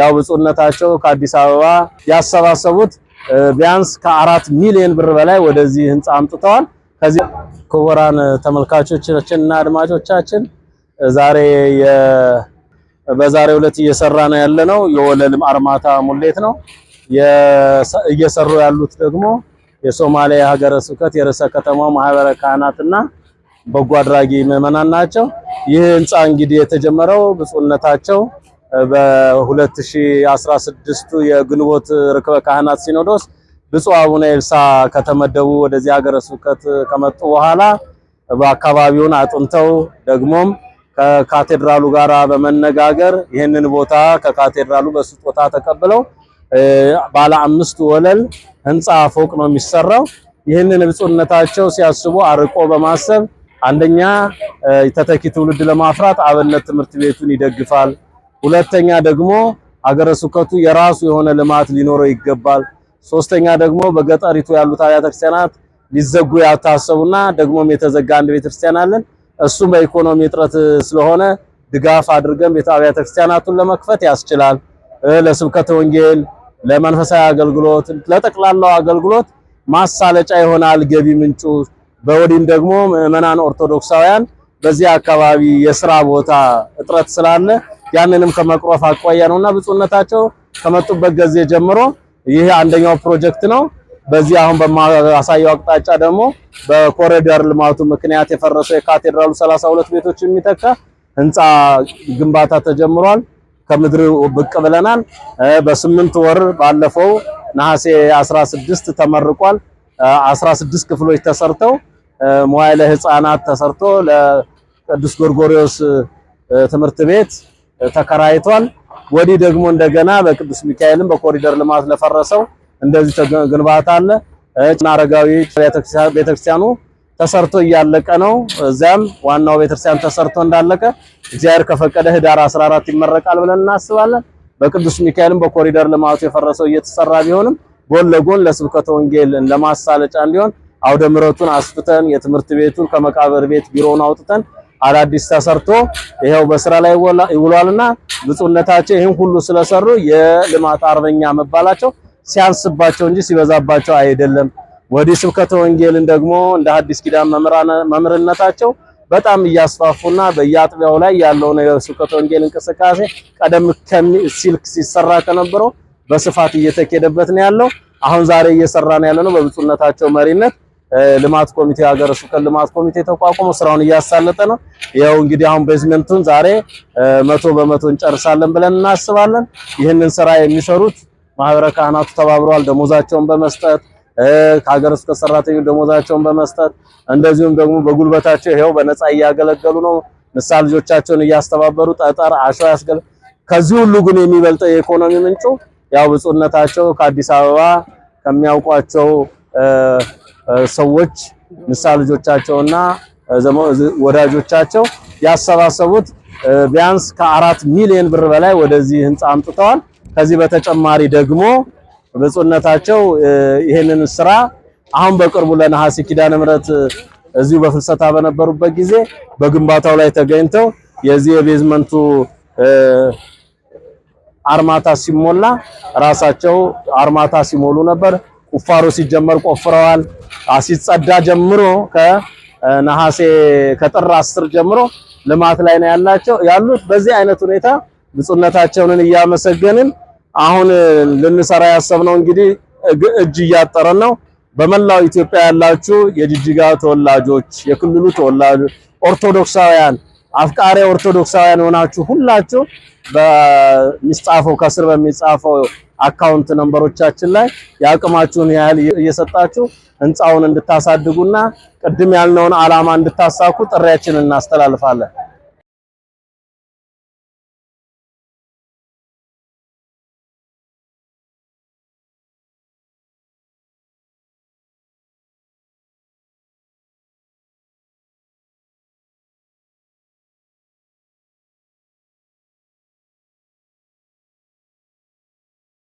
ያው ብፁዕነታቸው ከአዲስ አበባ ያሰባሰቡት ቢያንስ ከአራት ሚሊዮን ብር በላይ ወደዚህ ህንጻ አምጥተዋል። ከዚህ ክቡራን ተመልካቾቻችንና አድማጮቻችን ዛሬ በዛሬ ዕለት እየሰራ ነው ያለነው የወለል አርማታ ሙሌት ነው። እየሰሩ ያሉት ደግሞ የሶማሌ ሀገረ ስብከት የርዕሰ ከተማው ማህበረ ካህናትና በጎ አድራጊ ምዕመናን ናቸው። ይህ ህንጻ እንግዲህ የተጀመረው ብፁዕነታቸው በ2016 የግንቦት ርክበ ካህናት ሲኖዶስ ብፁዕ አቡነ ኤልሳ ከተመደቡ ወደዚህ ሀገረ ስብከት ከመጡ በኋላ በአካባቢውን አጥንተው ደግሞም ከካቴድራሉ ጋር በመነጋገር ይህንን ቦታ ከካቴድራሉ በስጦታ ተቀብለው ባለ አምስት ወለል ህንፃ ፎቅ ነው የሚሰራው። ይህንን ብፁዕነታቸው ሲያስቡ አርቆ በማሰብ አንደኛ ተተኪ ትውልድ ለማፍራት አብነት ትምህርት ቤቱን ይደግፋል። ሁለተኛ ደግሞ ሀገረ ስብከቱ የራሱ የሆነ ልማት ሊኖረው ይገባል። ሶስተኛ ደግሞ በገጠሪቱ ያሉት አብያተ ክርስቲያናት ሊዘጉ ያታሰቡና ደግሞም የተዘጋ አንድ ቤተክርስቲያን አለን። እሱም በኢኮኖሚ እጥረት ስለሆነ ድጋፍ አድርገን ቤተ አብያተ ክርስቲያናቱን ለመክፈት ያስችላል። ለስብከተ ወንጌል፣ ለመንፈሳዊ አገልግሎት፣ ለጠቅላላው አገልግሎት ማሳለጫ ይሆናል ገቢ ምንጩ። በወዲም ደግሞ ምዕመናን ኦርቶዶክሳውያን በዚህ አካባቢ የስራ ቦታ እጥረት ስላለ ያንንም ከመቅረፍ አቋያ ነውና ብፁዕነታቸው ከመጡበት ጊዜ ጀምሮ ይሄ አንደኛው ፕሮጀክት ነው። በዚህ አሁን በማሳየው አቅጣጫ ደግሞ በኮሪደር ልማቱ ምክንያት የፈረሰው የካቴድራሉ 32 ቤቶች የሚተካ ህንፃ ግንባታ ተጀምሯል። ከምድር ብቅ ብለናል። በስምንት ወር ባለፈው ነሐሴ 16 ተመርቋል። 16 ክፍሎች ተሰርተው መዋዕለ ህፃናት ተሰርቶ ለቅዱስ ጎርጎሪዮስ ትምህርት ቤት ተከራይቷል። ወዲህ ደግሞ እንደገና በቅዱስ ሚካኤልም በኮሪደር ልማት ለፈረሰው እንደዚህ ግንባታ አለ። አረጋዊ ቤተክርስቲያኑ ተሰርቶ እያለቀ ነው። እዚያም ዋናው ቤተክርስቲያን ተሰርቶ እንዳለቀ እግዚአብሔር ከፈቀደ ህዳር 14 ይመረቃል ብለን እናስባለን። በቅዱስ ሚካኤልም በኮሪደር ልማቱ የፈረሰው እየተሰራ ቢሆንም ጎን ለጎን ለስብከተ ወንጌል ለማሳለጫ እንዲሆን አውደ ምሕረቱን አስፍተን የትምህርት ቤቱን ከመቃብር ቤት ቢሮውን አውጥተን አዳዲስ ተሰርቶ ይሄው በስራ ላይ ይውሏልና ብፁዕነታቸው ይህን ሁሉ ስለሰሩ የልማት አርበኛ መባላቸው ሲያንስባቸው እንጂ ሲበዛባቸው አይደለም። ወዲህ ስብከተ ወንጌልን ደግሞ እንደ ሐዲስ ኪዳን መምህርነታቸው በጣም እያስፋፉና በየአጥቢያው ላይ ያለው ነገር ስብከተ ወንጌል እንቅስቃሴ ቀደም ሲል ሲሰራ ከነበረው በስፋት እየተኬደበት ነው ያለው። አሁን ዛሬ እየሰራ ነው ያለነው በብፁዕነታቸው መሪነት ልማት ኮሚቴ ሀገረ ስብከት ልማት ኮሚቴ ተቋቁሞ ስራውን እያሳለጠ ነው። ይኸው እንግዲህ አሁን ቤዝመንቱን ዛሬ መቶ በመቶ እንጨርሳለን ብለን እናስባለን። ይህንን ስራ የሚሰሩት ማህበረ ካህናቱ ተባብረዋል። ደሞዛቸውን በመስጠት ከሀገረ ስብከት ሰራተኞች ደሞዛቸውን በመስጠት እንደዚሁም ደግሞ በጉልበታቸው ይኸው በነፃ እያገለገሉ ነው። ምሳ ልጆቻቸውን እያስተባበሩ ጠጠር አሸዋ ያስገል ከዚህ ሁሉ ግን የሚበልጠው የኢኮኖሚ ምንጩ ያው ብፁዕነታቸው ከአዲስ አበባ ከሚያውቋቸው ሰዎች ንስሐ ልጆቻቸውና ወዳጆቻቸው ያሰባሰቡት ቢያንስ ከአራት ሚሊዮን ብር በላይ ወደዚህ ህንጻ አምጥተዋል። ከዚህ በተጨማሪ ደግሞ ብፁዕነታቸው ይህንን ስራ አሁን በቅርቡ ለነሐሴ ኪዳነ ምሕረት እዚሁ በፍልሰታ በነበሩበት ጊዜ በግንባታው ላይ ተገኝተው የዚህ የቤዝመንቱ አርማታ ሲሞላ ራሳቸው አርማታ ሲሞሉ ነበር። ቁፋሮ ሲጀመር ቆፍረዋል። ሲጸዳ ጀምሮ ከነሐሴ ከጥር አስር ጀምሮ ልማት ላይ ነው ያላቸው ያሉት። በዚህ አይነት ሁኔታ ብፁዕነታቸውን እያመሰገንን አሁን ልንሰራ ያሰብነው እንግዲህ እጅ እያጠረን ነው። በመላው ኢትዮጵያ ያላችሁ የጅጅጋ ተወላጆች፣ የክልሉ ተወላጆች፣ ኦርቶዶክሳውያን፣ አፍቃሪ ኦርቶዶክሳውያን ሆናችሁ ሁላችሁ በሚጻፈው ከስር በሚጻፈው አካውንት ነምበሮቻችን ላይ የአቅማችሁን ያህል እየሰጣችሁ ህንፃውን እንድታሳድጉና ቅድም ያልነውን ዓላማ እንድታሳኩ ጥሪያችንን እናስተላልፋለን።